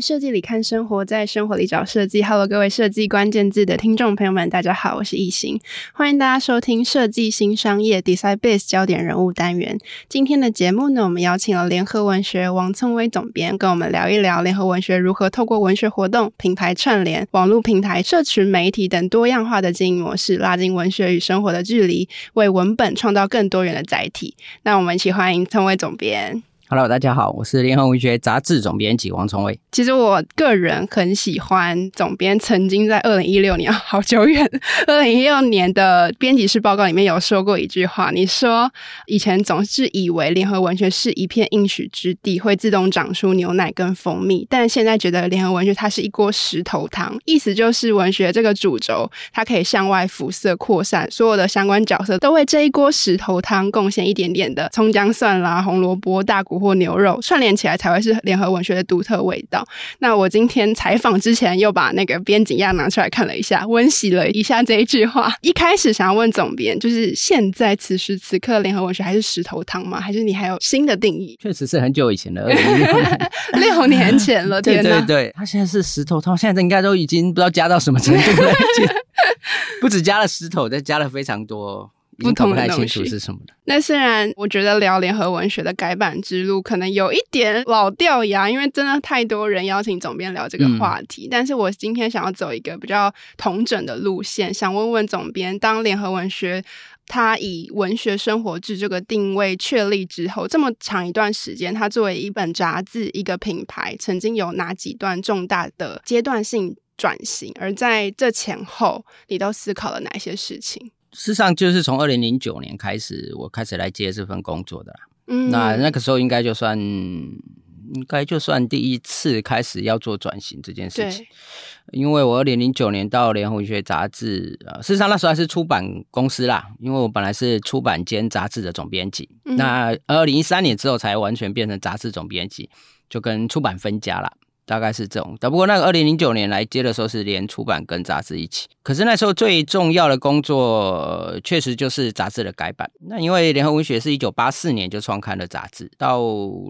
設計裡看生活，在生活裡找設計。Hello，各位設計關鍵字的聽眾朋友們，大家好，我是易行，歡迎大家收聽《設計新商業》Decide Base 焦點人物單元。今天的節目呢，我們邀請了聯合文學王聰威總編，跟我們聊一聊聯合文學如何透過文學活動、品牌串聯、網絡平台、社群媒體等多樣化的經營模式，拉近文學與生活的距離，為文本創造更多元的載體。那我們一起歡迎聰威總編。Hello，大家好，我是聯合文學雜誌總編輯王聰威。其實我個人很喜歡總編曾經在二零一六年，好久遠，二零一六年的編輯室報告裡面有說過一句話：你說以前總是以為聯合文學是一片應許之地，會自動長出牛奶跟蜂蜜，但現在覺得聯合文學它是一鍋石頭湯，意思就是文學這個主軸，它可以向外輻射擴散，所有的相關角色都為這一鍋石頭湯貢獻一點點的蔥薑蒜啦、紅蘿蔔、大骨。或牛肉串聯起來才會是聯合文學的獨特味道。那我今天採訪之前又把那個編輯室拿出來看了一下，溫習了一下這一句話。一開始想要問總編，就是現在此時此刻聯合文學還是石頭湯嗎？還是你還有新的定義？確實是很久以前的了，六年前了。 對對對，對那他現在是石頭湯，現在應該都已經不知道加到什麼程度了， 不止加了石頭，再加了非常多。不，不同清楚是什麼的。那雖然我覺得聊聯合文學的改版之路，可能有一點老掉牙，因為真的太多人邀請總編聊這個話題。嗯、但是我今天想要走一個比較統整的路線，想問問總編，當聯合文學它以文學生活志這個定位確立之後，這麼長一段時間，它作為一本雜誌、一個品牌，曾經有哪幾段重大的階段性轉型？而在這前後，你都思考了哪些事情？事實上，就是從二零零九年開始，我開始來接這份工作的。嗯，那那個時候應該就算，應該就算第一次開始要做轉型這件事情。對因為我二零零九年到聯合文學雜誌，啊、呃、事實上那時候還是出版公司啦，因為我本來是出版兼雜誌的總編輯。嗯、哼那二零一三年之後才完全變成雜誌總編輯，就跟出版分家了。大概是這種，但不過那個二零零九年來接的時候是連出版跟雜誌一起，可是那時候最重要的工作確實就是雜誌的改版。那因為聯合文學是一九八四年就創刊的雜誌，到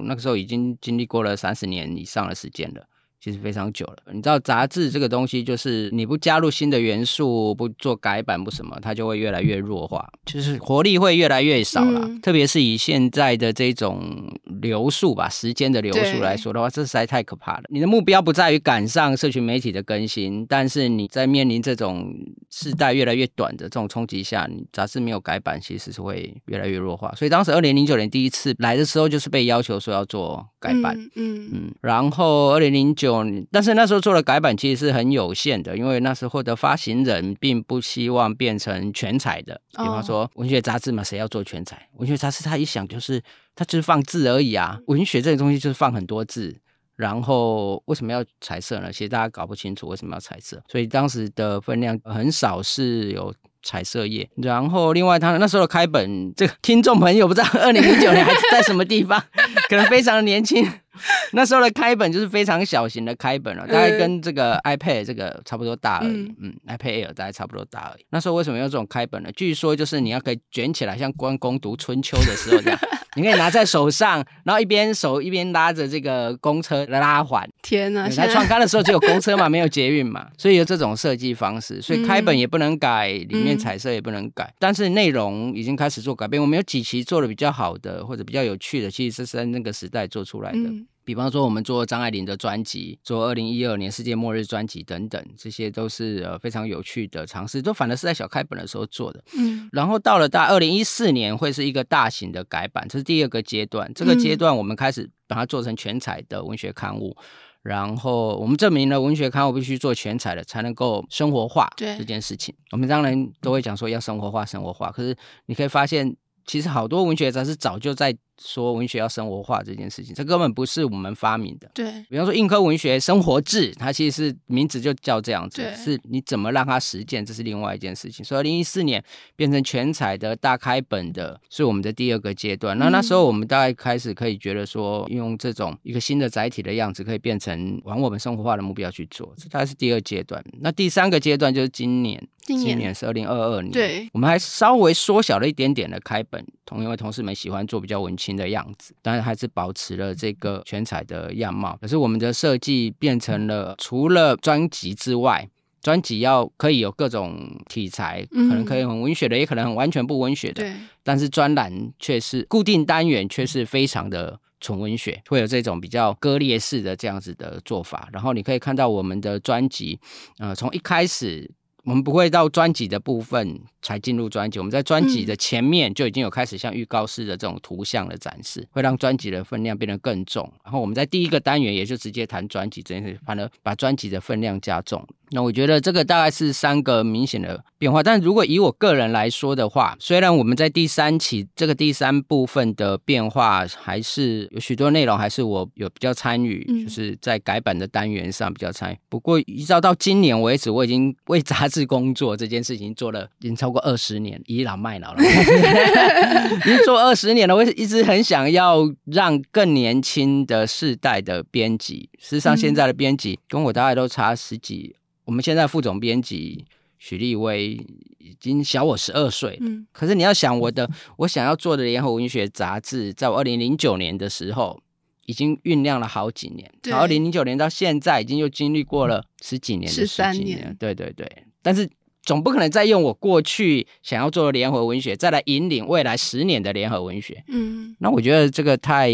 那個時候已經經歷過了三十年以上的時間了。其實非常久了，你知道雜誌這個東西，就是你不加入新的元素，不做改版，不什麼，它就會越來越弱化，就是活力會越來越少了。特別是以現在的這種流速吧，時間的流速來說的話，這實在太可怕了。你的目標不在於趕上社群媒體的更新，但是你在面臨這種世代越來越短的這種衝擊下，你雜誌沒有改版，其實是會越來越弱化。所以當時二零零九年第一次來的時候，就是被要求說要做改版，嗯嗯，然後二零零九，但是那時候做的改版其實是很有限的，因為那時候的發行人並不希望變成全彩的。比方說文學雜誌嘛，誰要做全彩？文學雜誌他一想就是，他就是放字而已啊。文學這個東西就是放很多字，然後為什麼要彩色呢？其實大家搞不清楚為什麼要彩色，所以當時的分量很少是有彩色頁。然後另外，他那時候的開本，這個聽眾朋友不知道，二零一九年還是在什麼地方， 可能非常的年輕。 那時候的開本就是非常小型的開本了，大概跟這個 iPad 這個差不多大而已。嗯,嗯，iPad Air 大概差不多大而已。那時候為什麼用這種開本呢？據說就是你要可以卷起來，像關公讀春秋的時候這樣， 你可以拿在手上，然後一邊手一邊拉着這個公車的拉環。天啊，你來創刊的時候只有公車嘛，沒有捷運嘛，所以有這種設計方式。所以開本也不能改，嗯、裡面彩色也不能改，但是內容已經開始做改變。我們有幾期做的比較好的，或者比較有趣的，其實是在那個時代做出來的。嗯比方說，我們做張愛玲的專輯，做二零一二年世界末日專輯等等，這些都是呃非常有趣的嘗試，都反而是在小開本的時候做的。嗯，然後到了大二零一四年會是一個大型的改版，這是第二個階段。這個階段我們開始把它做成全彩的文學刊物，嗯、然後我們證明了文學刊物必須做全彩的才能夠生活化這件事情。對我們當然都會講說要生活化，生活化。可是你可以發現，其實好多文學雜誌，早就在，說文學要生活化這件事情，這根本不是我們發明的。對，比方說印刻文學生活誌，它其實是名字就叫這樣子。對是你怎麼讓它實踐，這是另外一件事情。所以二零一四年變成全彩的大開本的，是我們的第二個階段。嗯、那那時候我們大概開始可以覺得說，用這種一個新的載體的樣子，可以變成往我們生活化的目標去做，這還是第二階段。那第三個階段就是今年，今年，今年是二零二二年，對，我們還稍微縮小了一點點的開本，同因為同事們喜歡做比較文青的樣子，但是還是保持了這個全彩的樣貌。可是我們的設計變成了，嗯、除了專輯之外，專輯要可以有各種題材，嗯、哼可能可以很文學的，也可能很完全不文學的。對。但是專欄卻是固定單元，卻是非常的純文學，會有這種比較割裂式的這樣子的做法。然後你可以看到我們的專輯，呃，從一開始我們不會到專輯的部分，才進入專輯，我們在專輯的前面就已經有開始像預告式的這種圖像的展示，嗯、會讓專輯的分量變得更重。然後我們在第一個單元也就直接談專輯這件事，反而把專輯的分量加重。那我覺得這個大概是三個明顯的變化。但如果以我個人來說的話，雖然我們在第三期這個第三部分的變化還是有許多內容，還是我有比較參與，嗯、就是在改版的單元上比較參與。不過一直到今年為止，我已經為雜誌工作這件事情做了已經超過。二十年倚老賣老了，已經做二十年了。我一直很想要讓更年輕的世代的編輯，事實上現在的編輯跟我大概都差十幾。嗯、我們現在副總編輯許立威已經小我十二歲。嗯、可是你要想我的，我想要做的聯合文學雜誌，在我二零零九年的時候已經醞釀了好幾年。對，從二零零九年到現在已經又經歷過了十幾年，十三年。年對對對，但是。總不可能再用我過去想要做的聯合文學，再來引領未來十年的聯合文學。嗯，那我覺得這個太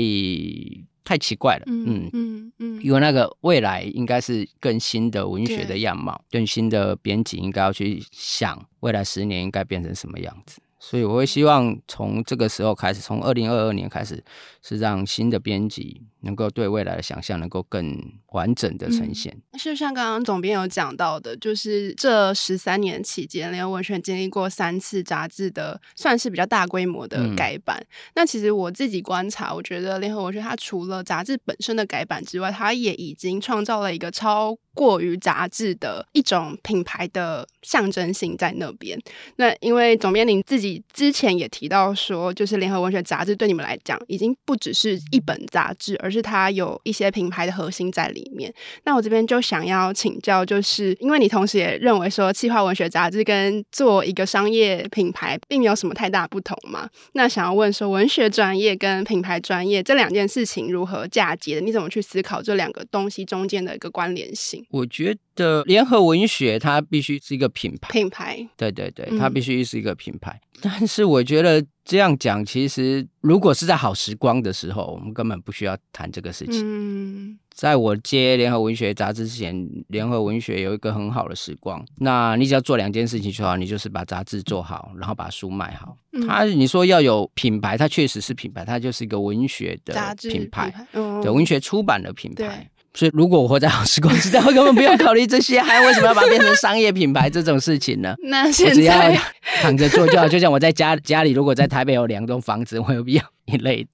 太奇怪了。嗯嗯嗯，因為那個未來應該是更新的文學的樣貌，對更新的編輯應該要去想未來十年應該變成什麼樣子。所以我會希望從這個時候開始，從二零二二年開始，是讓新的編輯。能夠對未來的想象能夠更完整的呈現，就、嗯、像剛剛總編有講到的，就是這十三年期間，聯合文學經歷過三次雜誌的算是比較大規模的改版。嗯、那其實我自己觀察，我覺得聯合文學它除了雜誌本身的改版之外，它也已經創造了一個超過於雜誌的一種品牌的象徵性在那邊。那因為總編您自己之前也提到說，就是聯合文學雜誌對你們來講已經不只是一本雜誌，而是就是它有一些品牌的核心在裡面。那我這邊就想要請教，就是因為你同時也認為說，企劃文學雜誌跟做一個商業品牌並沒有什麼太大不同嘛？那想要問說，文學專業跟品牌專業這兩件事情如何嫁接的？你怎麼去思考這兩個東西中間的一個關聯性？我覺得聯合文學它必須是一個品牌，品牌，對對對，嗯、它必須是一個品牌。但是我覺得這樣講，其實如果是在好時光的時候，我們根本不需要談這個事情。嗯，在我接聯合文學雜誌之前，聯合文學有一個很好的時光。那你只要做兩件事情就好，你就是把雜誌做好，然後把書賣好。他、嗯、你說要有品牌，它確實是品牌，它就是一個文學的品牌，雜誌品牌嗯、對，文學出版的品牌。所以，如果我活在好時光，之在我根本不用考慮這些，還要為什麼要把它變成商業品牌這種事情呢？那我只要躺着做就好，就像我在家家裡，如果在台北有兩棟房子，我有必要一類。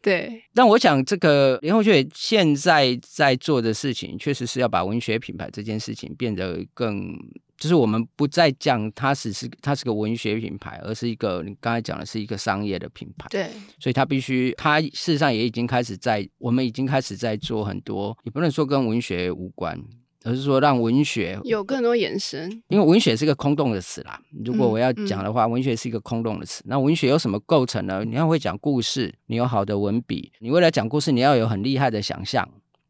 對，但我想，這個聯合文學現在在做的事情，確實是要把文學品牌這件事情變得更。就是我們不再講它只是它是個文學品牌，而是一個你剛才講的是一個商業的品牌。對，所以它必須，它事實上也已經開始在我們已經開始在做很多，也不能說跟文學無關，而是說讓文學有更多延伸。因為文學是一個空洞的詞啦，如果我要講的話，嗯嗯、文學是一個空洞的詞。那文學由什麼構成呢？你要會講故事，你有好的文筆，你為了講故事，你要有很厲害的想象。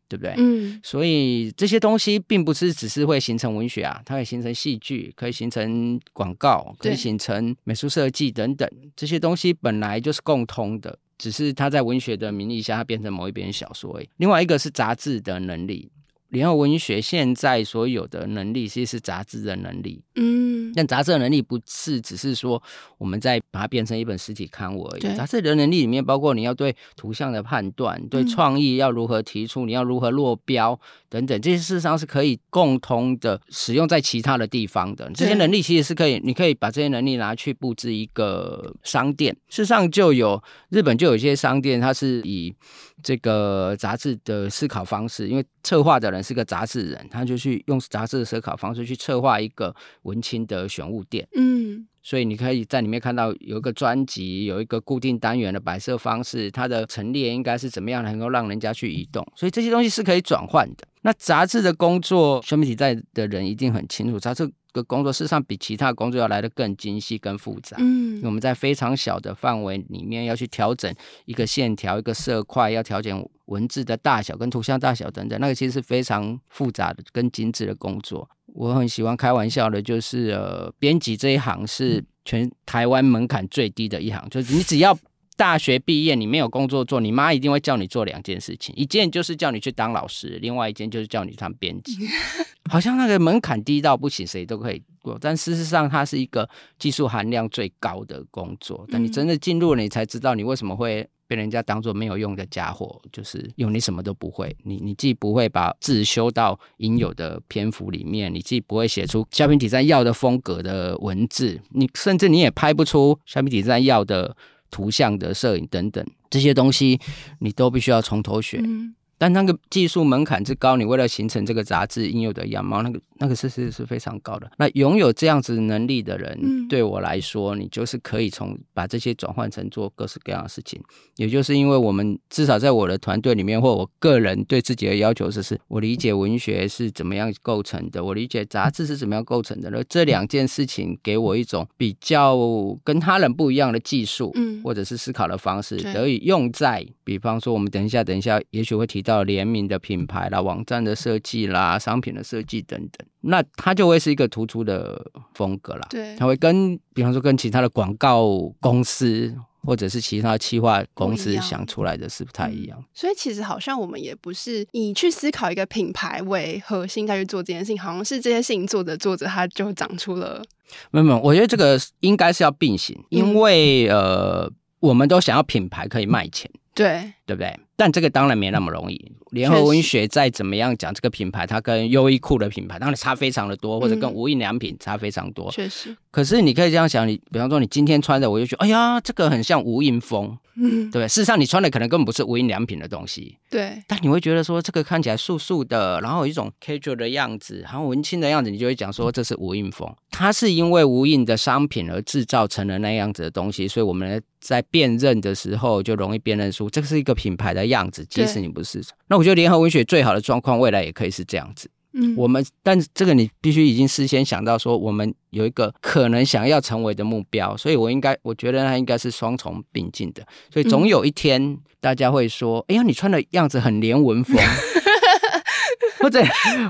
對不對？嗯，所以這些東西並不是只是會形成文學啊，它會形成戲劇，可以形成廣告，可以形成美術設計等等。對這些東西本來就是共通的，只是它在文學的名義下，它變成某一本小說而已。另外一個是雜誌的能力。聯合文學現在所有的能力，其實是雜誌的能力。嗯，但雜誌的能力不是只是說我們在把它變成一本實體刊物而已。雜誌的能力裡面，包括你要對圖像的判斷、對創意要如何提出、你要如何落標等等，這些事實上是可以共同的使用在其他的地方的。這些能力其實是可以，你可以把這些能力拿去布置一個商店。事實上，就有日本就有一些商店，它是以這個雜誌的思考方式，因為策劃的人是個雜誌人，他就去用雜誌的思考方式去策劃一個文青的選物店。嗯，所以你可以在裡面看到有一個專輯，有一個固定單元的擺設方式，它的陳列應該是怎麼樣能夠讓人家去移動。所以這些東西是可以轉換的。那雜誌的工作，全媒體在的人一定很清楚。雜誌。工作事實上比其他工作要來得更精細、更複雜。嗯，我們在非常小的範圍裡面要去調整一個線條、一個色塊，要調整文字的大小跟圖像大小等等，那個其實是非常複雜的、跟精緻的工作。我很喜歡開玩笑的，就是呃，編輯這一行是全台灣門檻最低的一行，就是你只要。 大學畢業，你沒有工作做，你媽一定會叫你做兩件事情：一件就是叫你去當老師，另外一件就是叫你去當編輯。 好像那個門檻低到不行，誰都可以過，但事實上它是一個技術含量最高的工作。但你真的進入了，你才知道你為什麼會被人家當做沒有用的傢伙，就是因為你什麼都不會。你你既不會把字修到應有的篇幅裡面，你既不會寫出 Shopping Design 要的風格的文字，你甚至你也拍不出 Shopping Design 要的。圖像的攝影等等這些東西，你都必須要從頭學。嗯但那個技術門檻之高，你為了形成這個雜誌應有的樣貌，那個那個是是是非常高的。那擁有這樣子能力的人，嗯、對我來說，你就是可以從把這些轉換成做各式各樣的事情。也就是因為我們至少在我的團隊裡面，或我個人對自己的要求是，就是我理解文學是怎麼樣構成的，我理解雜誌是怎麼樣構成的。而、嗯、這兩件事情給我一種比較跟他人不一樣的技術，嗯、或者是思考的方式，對得以用在，比方說我們等一下等一下，也許會提到。到聯名的品牌啦，網站的設計啦，商品的設計等等，那它就會是一個突出的風格啦。對，它會跟，比方說跟其他的廣告公司或者是其他的企劃公司想出來的是不太一樣。不一樣、嗯。所以其實好像我們也不是以去思考一個品牌為核心再去做這件事情，好像是這些事情做着做着它就長出了。沒有沒有，我覺得這個應該是要並行，嗯、因為呃，我們都想要品牌可以賣錢，對對不對？但這個當然沒那麼容易。聯合文學再怎麼樣講，這個品牌實它跟優衣庫的品牌當然差非常的多，或者跟無印良品差非常多。確、嗯、實。可是你可以這樣想，你比方說你今天穿的，我就覺得，哎呀，這個很像無印風，對不、嗯、對？事實上你穿的可能根本不是無印良品的東西。對、嗯。但你會覺得說，這個看起來素素的，然後有一種 casual 的樣子，然後文青的樣子，你就會講說，這是無印風。它是因為無印的商品而製造成了那樣子的東西，所以我們在辨認的時候就容易辨認出這是一個品牌的。樣子，即使你不是，對那我覺得聯合文學最好的狀況，未來也可以是這樣子。嗯，我們，但是這個你必須已經事先想到，說我們有一個可能想要成為的目標，所以我應該，我覺得它應該是雙重並進的。所以總有一天，嗯、大家會說：“哎呀，你穿的樣子很聯文風， 或者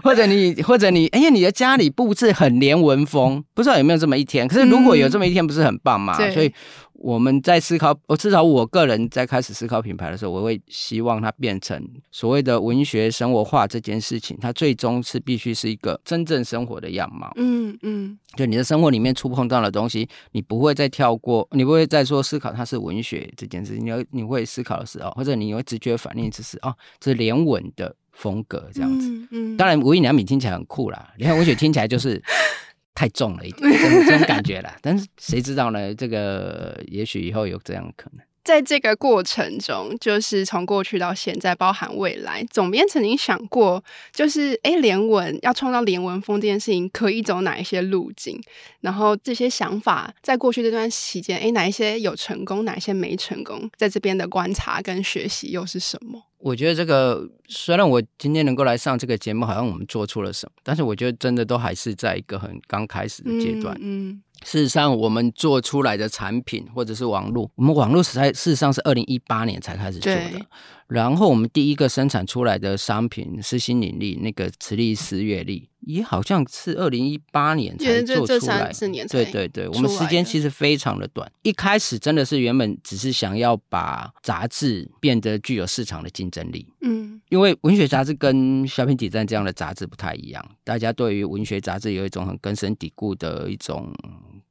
或者你或者你，哎呀，你的家裡布置很聯文風。”不知道有沒有這麼一天？可是如果有這麼一天，不是很棒嘛？嗯、所以。我們在思考，我至少我個人在開始思考品牌的時候，我會希望它變成所謂的文學生活化這件事情，它最終是必須是一個真正生活的樣貌。嗯嗯，嗯，就你的生活裡面觸碰到的東西，你不會再跳過，你不會再說思考它是文學這件事情，你會你會思考的是哦，或者你會直覺反應只、就是哦，這是聯文的風格這樣子。嗯，嗯，當然無印良品聽起來很酷啦，你看文學聽起來就是。 太重了一點，這種，這種感覺了。 但是誰知道呢？這個也許以後有這樣可能。在這個過程中，就是從過去到現在，包含未來，總編曾經想過，就是哎、欸，聯文要創造聯文風這件事情，可以走哪一些路徑？然後這些想法，在過去這段期間，哎、欸，哪一些有成功，哪一些沒成功？在這邊的觀察跟學習又是什麼？我覺得這個，雖然我今天能夠來上這個節目，好像我們做出了什麼，但是我覺得真的都還是在一個很剛開始的階段。嗯，嗯事實上，我們做出來的產品或者是網絡，我們網絡才事實上是二零一八年才開始做的。對然後，我們第一個生產出來的商品是新引力那個磁力十月力。嗯也好像是二零一八年才做出來的，對對對，我們時間其實非常的短。一開始真的是原本只是想要把雜誌變得具有市場的競爭力。嗯，因為文學雜誌跟 Shopping Design 這樣的雜誌不太一樣，大家對於文學雜誌有一種很根深蒂固的一種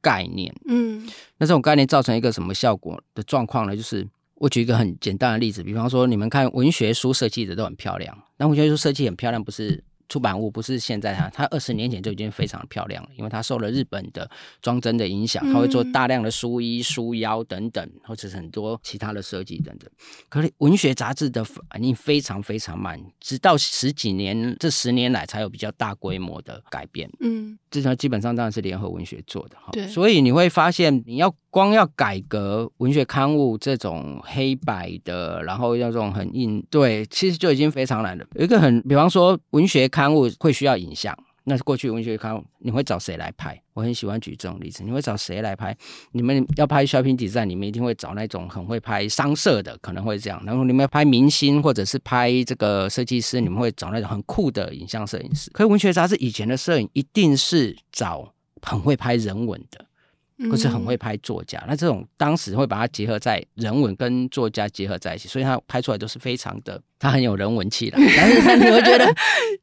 概念。嗯，那這種概念造成一個什麼效果的狀況呢？就是我舉一個很簡單的例子，比方說你們看文學書設計的都很漂亮，那文學書設計很漂亮不是？出版物，不是現在哈，它二十年前就已經非常漂亮了，因為它受了日本的裝幀的影響，它會做大量的書衣、書腰等等，或者是很多其他的設計等等。可是文學雜誌的反應非常非常慢，直到十幾年這十年來才有比較大規模的改變。嗯，至少基本上當然是聯合文學做的哈。對，所以你會發現，你要光要改革文學刊物這種黑白的，然後要這種很硬，對，其實就已經非常難了。有一個很，比方說文學刊物。刊物會需要影像，那是過去文學刊物你會找誰來拍？我很喜歡舉這種例子，你會找誰來拍？你們要拍 shopping design，你們一定會找那種很會拍商社的，可能會這樣。然後你們要拍明星或者是拍這個設計師，你們會找那種很酷的影像攝影師。可是文學雜誌以前的攝影一定是找很會拍人文的，或是很會拍作家。嗯、那這種當時會把它結合在人文跟作家結合在一起，所以它拍出來都是非常的。他很有人文氣的，但是你會覺得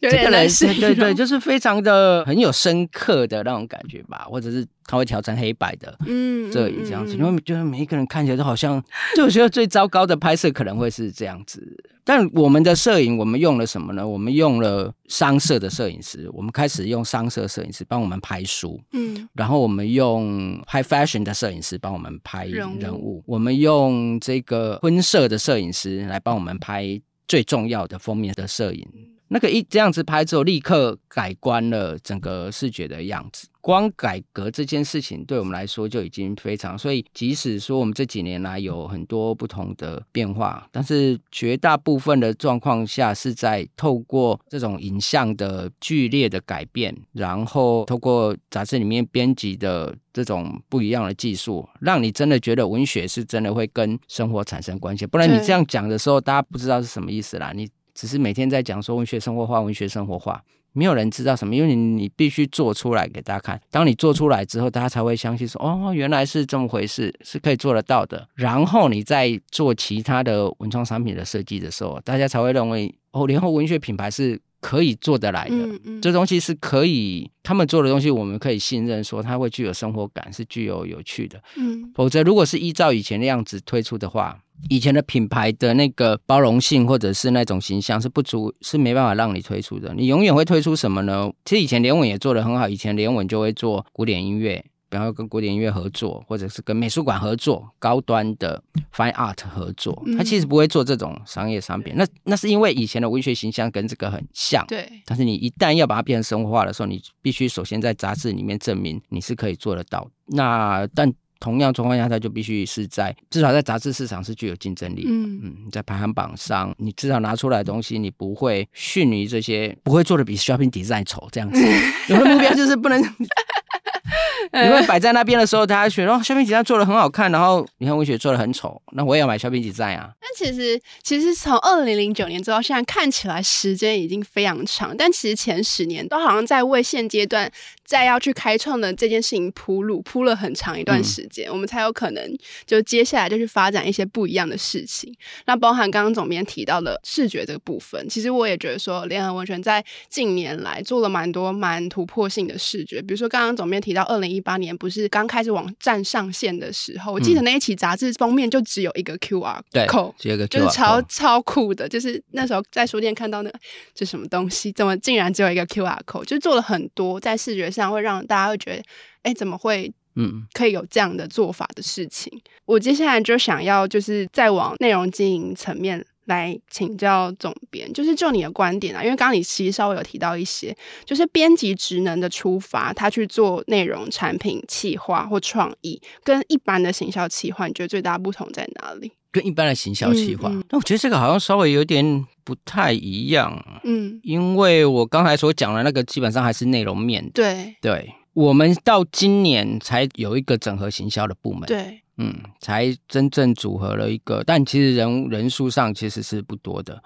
這個人是對對，對，就是非常的很有深刻的那種感覺吧？或者是他會挑戰黑白的攝影這樣子，你會、嗯嗯、覺得每一個人看起來都好像。就我覺得最糟糕的拍攝可能會是這樣子。但我們的攝影，我們用了什麼呢？我們用了商社的攝影師，我們開始用商社攝影師幫我們拍書，嗯，然後我們用 High Fashion 的攝影師幫我們拍人物，人物我們用這個婚攝的攝影師來幫我們拍。最重要的封面的攝影。那個一這樣子拍之後，立刻改觀了整個視覺的樣子。光改革這件事情，對我們來說就已經非常。所以，即使說我們這幾年來有很多不同的變化，但是絕大部分的狀況下是在透過這種影像的劇烈的改變，然後透過雜誌裡面編輯的這種不一樣的技術，讓你真的覺得文學是真的會跟生活產生關係。不然你這樣講的時候，大家不知道是什麼意思啦。你。只是每天在講說文學生活化，文學生活化，沒有人知道什麼，因為你你必須做出來給大家看。當你做出來之後，大家才會相信說哦，原來是這麼回事，是可以做得到的。然後你再做其他的文創產品的設計的時候，大家才會認為哦，聯合文學品牌是可以做得來的，嗯，嗯，這東西是可以他們做的東西，我們可以信任，說它會具有生活感，是具有有趣的，嗯。否則，如果是依照以前的樣子推出的話。以前的品牌的那個包容性，或者是那種形象是不足，是沒辦法讓你推出的。你永遠會推出什麼呢？其實以前聯文也做得很好。以前聯文就會做古典音樂，然後跟古典音樂合作，或者是跟美術館合作，高端的 fine art 合作。它其實不會做這種商業商品。那那是因為以前的文學形象跟這個很像。對。但是你一旦要把它變成生活化的時候，你必須首先在雜誌裡面證明你是可以做得到。那但。同樣情況下，它就必須是在至少在雜誌市場是具有競爭力。嗯嗯，你在排行榜上，你至少拿出來的東西，你不會遜於這些，不會做的比 Shopping Design 醜這樣子。嗯、有的目標就是不能。 因為擺在那邊的時候，大家覺得哦， 哦，小餅幾站做的很好看，然後你看文學做的很醜，那我也要買小冰幾在啊。那其實其實從二零零九年做到現在，看起來時間已經非常長，但其實前十年都好像在為現階段在要去開創的這件事情鋪路，鋪了很長一段時間，嗯、我們才有可能就接下來就去發展一些不一樣的事情。那包含剛剛總編提到的視覺這個部分，其實我也覺得說，聯合文學在近年來做了蠻多蠻突破性的視覺，比如說剛剛總編提到二零。一八年不是剛開始網站上線的時候，嗯、我記得那一期雜誌封面就只有一個 QR code，對，個就是超 QR 超酷的。就是那時候在書店看到那個，這什麼東西？怎麼竟然只有一個 QR code？就做了很多在視覺上會讓大家會覺得，哎，怎麼會？嗯，可以有這樣的做法的事情。嗯、我接下來就想要就是再往內容經營層面，來請教總編，就是就你的觀點啊，因為剛剛你其實稍微有提到一些，就是編輯職能的出發，他去做內容產品企劃或創意，跟一般的行銷企劃，你覺得最大不同在哪裡？跟一般的行銷企劃，那、嗯嗯、我覺得這個好像稍微有點不太一樣。嗯，因為我剛才所講的那個，基本上還是內容面。對對，我們到今年才有一個整合行銷的部門。對。嗯，才真正組合了一個，但其實人人數上其實是不多的。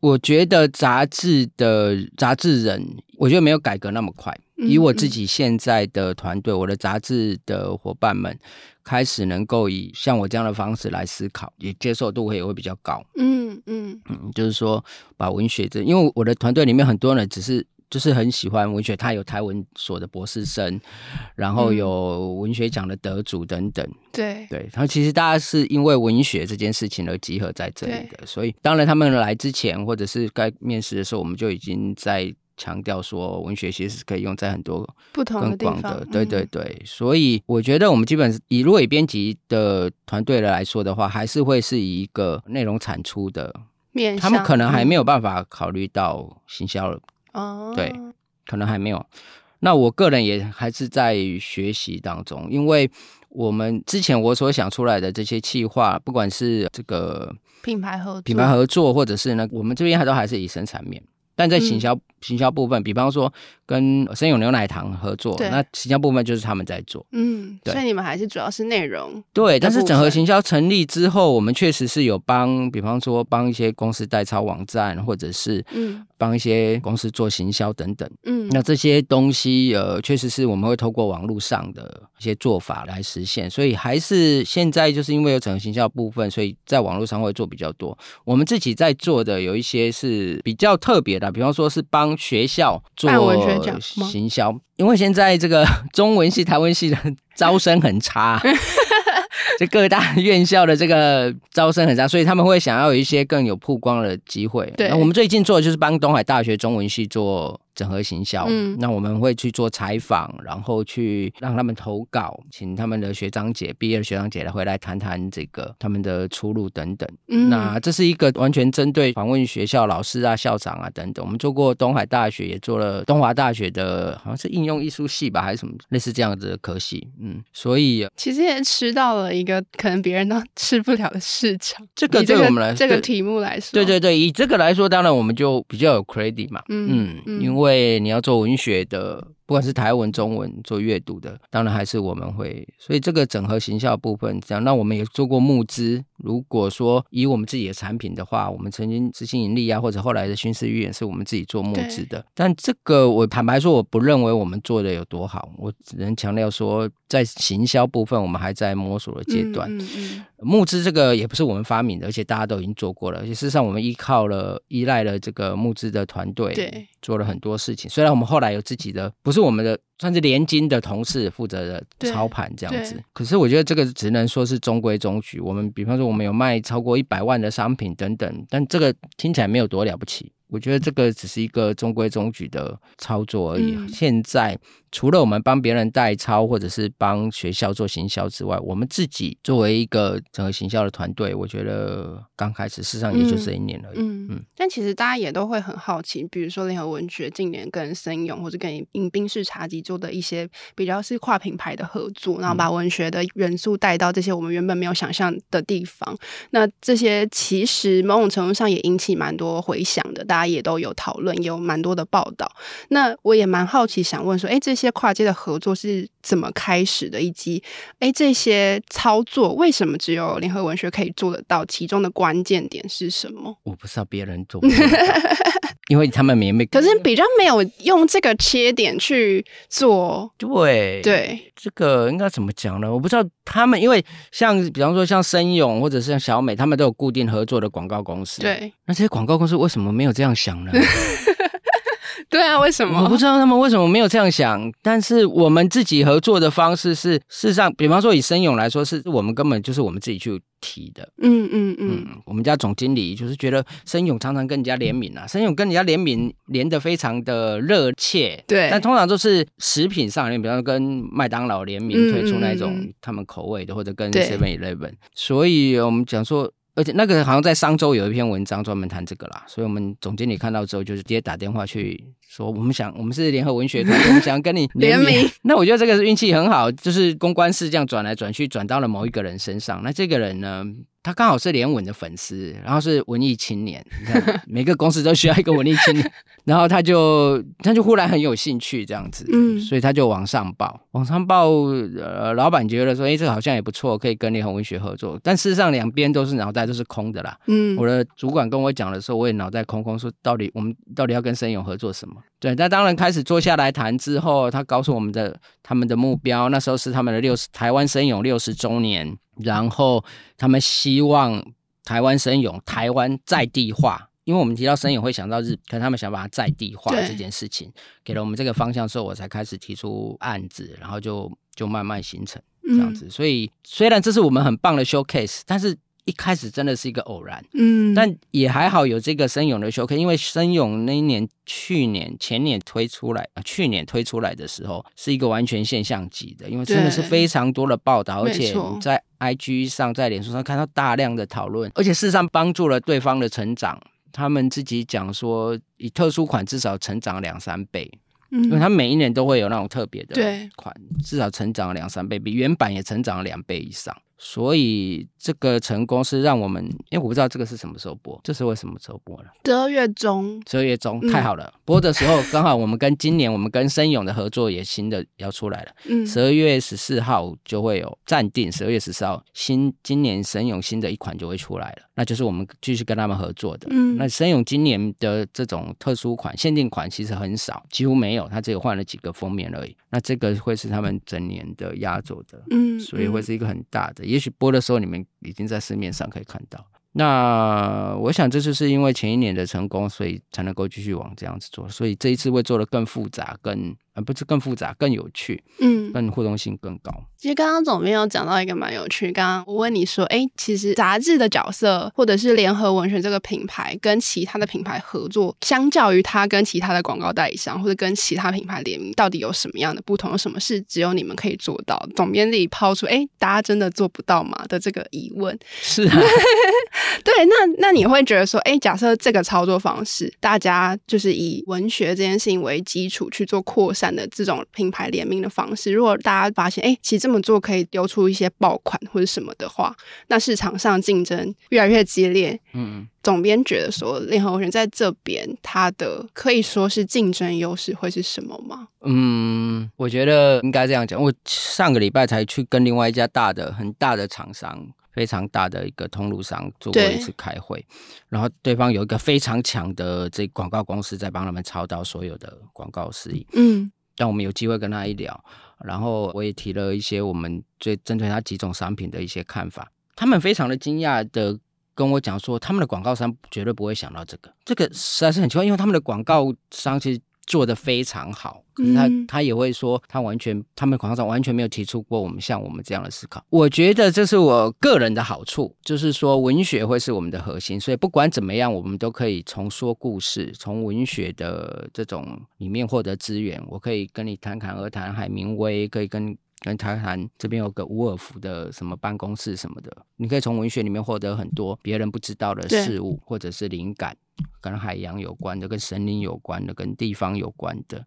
我覺得雜誌的雜誌人，我覺得沒有改革那麼快。嗯嗯、以我自己現在的團隊，我的雜誌的夥伴們，開始能夠以像我這樣的方式來思考，也接受度也會比較高。嗯嗯嗯，就是說把文學這，因為我的團隊裡面很多人只是。就是很喜歡文學，他有台文所的博士生，然後有文學獎的得主等等。嗯、對對，然後其實大家是因為文學這件事情而集合在這裡的，對所以當然他們來之前或者是該面試的時候，我們就已經在強調說，文學其實是可以用在很多更廣不同的地方。對對對，嗯、所以我覺得我們基本以如果以編輯的團隊來說的話，還是會是以一個內容產出的面向，他們可能還沒有辦法考慮到行銷哦，oh. 對，可能還沒有。那我個人也還是在學習當中，因為我們之前我所想出來的這些企劃，不管是這個品牌合品牌合作，或者是呢，我們這邊還都還是以生產面，但在行銷、嗯。行銷部分，比方說跟森永牛奶糖合作，對那行銷部分就是他們在做，嗯，對所以你們還是主要是內容，對。但是整合行銷成立之後，我們確實是有幫，比方說幫一些公司代操網站，或者是嗯，幫一些公司做行銷等等，嗯，那這些東西呃，確實是我們會透過網絡上的一些做法來實現。所以還是現在就是因為有整合行銷部分，所以在網絡上會做比較多。我們自己在做的有一些是比較特別的，比方說是幫。學校做行銷，因為現在這個中文系、台灣系的招生很差，就各大院校的這個招生很差，所以他們會想要有一些更有曝光的機會。對，我們最近做的就是幫東海大學中文系做整合行銷，嗯，那我們會去做採訪，然後去讓他們投稿，請他們的學長姐、畢業的學長姐來回來談談這個他們的出路等等。嗯，那這是一個完全針對訪問學校老師啊、校長啊等等。我們做過東海大學，也做了東華大學的，好像是應用藝術系吧，還是什麼類似這樣子的科系。嗯，所以其實也吃到了一個可能別人都吃不了的市場。這個對我們來說，這個、這個題目來說，對，對對對，以這個來說，當然我們就比較有 credit 嘛。嗯嗯，嗯因為。因為你要做文學的。不管是台文、中文做閱讀的，當然還是我們會，所以這個整合行銷部分這樣，那我們也做過募資。如果說以我們自己的產品的話，我們曾經執行盈利啊，或者後來的巡視預言是我們自己做募資的。對但這個我坦白說，我不認為我們做的有多好。我只能強調說，在行銷部分，我們還在摸索的階段。嗯嗯嗯，募資這個也不是我們發明的，而且大家都已經做過了。而且事實上，我們依靠了、依賴了這個募資的團隊，對，做了很多事情。雖然我們後來有自己的不。是我們的算是聯經的同事負責的操盤這樣子，可是我覺得這個只能說是中規中矩。我們比方說我們有賣超過一百萬的商品等等，但這個聽起來沒有多了不起，我覺得這個只是一個中規中矩的操作而已。嗯、現在。除了我們幫別人代操，或者是幫學校做行銷之外，我們自己作為一個整個行銷的團隊，我覺得剛開始事實上也就這一年而已。嗯，嗯嗯但其實大家也都會很好奇，比如說聯合文學近年跟森永或者跟飲冰式茶几做的一些比較是跨品牌的合作，然後把文學的元素帶到這些我們原本沒有想象的地方。嗯、那這些其實某種程度上也引起蠻多回響的，大家也都有討論，也有蠻多的報道。那我也蠻好奇，想問說，哎，這些。這些跨界的合作是怎麼開始的，以及哎，這些操作為什麼只有聯合文學可以做得到？其中的關鍵點是什麼？我不知道別人做， 因為他們沒可是比較沒有用這個切點去做，對對，對這個應該怎麼講呢？我不知道他們，因為像比方說像森永或者是像小美，他們都有固定合作的廣告公司，對。那這些廣告公司為什麼沒有這樣想呢？ 對啊，為什麼我不知道他們為什麼沒有這樣想，但是我們自己合作的方式是，事實上，比方說以森永來說，是我們根本就是我們自己去提的。嗯嗯嗯，嗯，我們家總經理就是覺得森永常常跟人家聯名啊，森永、嗯、跟人家聯名聯得非常的熱切。對，但通常都是食品上面，比方說跟麥當勞聯名推出那種他們口味的，或者跟 Seven Eleven，對所以我們講說。而且那個好像在上周有一篇文章專門談這個啦，所以我們總經理看到之後，就是直接打電話去說，我們想我們是聯合文學團，我們想跟你聯名。 那我覺得這個是運氣很好，就是公關事這樣轉來轉去，轉到了某一個人身上。那這個人呢？他剛好是連文的粉絲，然後是文藝青年。你看，每個公司都需要一個文藝青年。 然後他就他就忽然很有興趣這樣子，嗯，所以他就往上報，往上報。呃，老板覺得說，哎、欸，這個好像也不錯，可以跟聯合文學合作。但事實上，兩邊都是腦袋都是空的啦，嗯。我的主管跟我講的時候，我也腦袋空空，說到底我們到底要跟森永合作什麼？對，那當然開始坐下來談之後，他告訴我們的他們的目標，那時候是他們的六十台灣森永六十週年。然後他們希望台灣聲優、台灣在地化，因為我們提到聲優會想到日，可是他們想把它在地化這件事情，對給了我們這個方向之後，我才開始提出案子，然後就就慢慢形成這樣子。嗯、所以雖然這是我們很棒的 showcase，但是。一開始真的是一個偶然，嗯，但也還好有這個申勇的時候，因為申勇那一年、去年、前年推出來，啊、去年推出來的時候是一個完全現象級的，因為真的是非常多的報道，對而且在 IG 上、在臉書上看到大量的討論，錯而且事實上幫助了對方的成長。他們自己講說，以特殊款至少成長了兩三倍，嗯，因為他每一年都會有那種特別的款，對至少成長了兩三倍比，比原版也成長了兩倍以上。所以這個成功是讓我們，因為我不知道這個是什麼時候播，這是為什麼時候播了？十二月中，十二、嗯、月中太好了，嗯、播的時候剛好我們跟今年 我們跟森永的合作也新的也要出來了，嗯，十二月十四號就會有暫定，十二月十四號新今年森永新的一款就會出來了，那就是我們繼續跟他們合作的，嗯，那森永今年的這種特殊款限定款其實很少，幾乎沒有，他只有換了幾個封面而已，那這個會是他們整年的壓軸的，嗯，所以會是一個很大的。嗯也許播的時候你們已經在市面上可以看到。那我想這次是因為前一年的成功，所以才能夠繼續往這樣子做，所以這一次會做得更複雜更。而不是更複雜、更有趣，嗯，更互動性更高、嗯。其實剛剛總編有講到一個蠻有趣。剛剛我問你說，哎，其實雜誌的角色，或者是聯合文學這個品牌跟其他的品牌合作，相較於它跟其他的廣告代理商或者跟其他品牌聯名，到底有什麼樣的不同？什麼是只有你們可以做到？總編自己拋出，哎，大家真的做不到嗎？的這個疑問。是啊， 對，那那你會覺得說，哎，假設這個操作方式，大家就是以文學這件事情為基礎去做擴散。的這種品牌聯名的方式，如果大家發現，誒，其實這麼做可以丟出一些爆款或者什麼的話，那市場上競爭越來越激烈。嗯，總編覺得說，聯合文學在這邊，他的可以說是競爭優勢會是什麼嗎？嗯，我覺得應該這樣講。我上個禮拜才去跟另外一家大的、很大的廠商。非常大的一個通路商做過一次開會，然後對方有一個非常強的這廣告公司在幫他們操刀所有的廣告事宜。嗯，但我們有機會跟他一聊，然後我也提了一些我們最針對他幾種商品的一些看法。他們非常的驚訝的跟我講說，他們的廣告商絕對不會想到這個，這個實在是很奇怪，因為他們的廣告商其實。做得非常好，可是他他也會說，他完全他們廣告完全沒有提出過我們像我們這樣的思考。我覺得這是我個人的好處，就是說文學會是我們的核心，所以不管怎麼樣，我們都可以從說故事、從文學的這種裡面獲得資源。我可以跟你侃侃而談海明威，可以跟。跟台南這邊有個烏爾夫的什麼辦公室什麼的，你可以從文學裡面獲得很多別人不知道的事物，或者是靈感，跟海洋有關的、跟神靈有關的、跟地方有關的，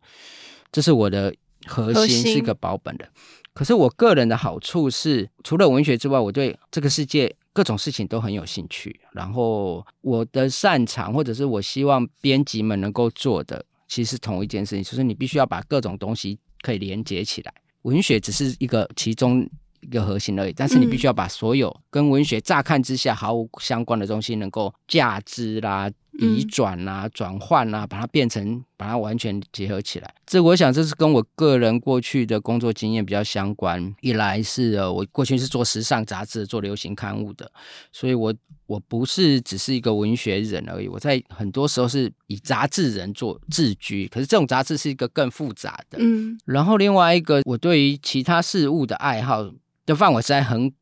這是我的核心，是一個保本的。可是我個人的好處是，除了文學之外，我對這個世界各種事情都很有興趣。然後我的擅長，或者是我希望編輯們能夠做的，其實是同一件事情，就是你必須要把各種東西可以連接起來。文學只是一個其中一個核心而已，但是你必須要把所有跟文學乍看之下毫無相關的東西能夠加值啦。移轉啊，轉換啊，把它變成，把它完全結合起來。這我想，這是跟我個人過去的工作經驗比較相關。一來是我過去是做時尚雜誌、做流行刊物的，所以我我不是只是一個文學人而已。我在很多時候是以雜誌人做自居，可是這種雜誌是一個更複雜的。嗯，然後另外一個，我對於其他事物的愛好，的範圍實在很。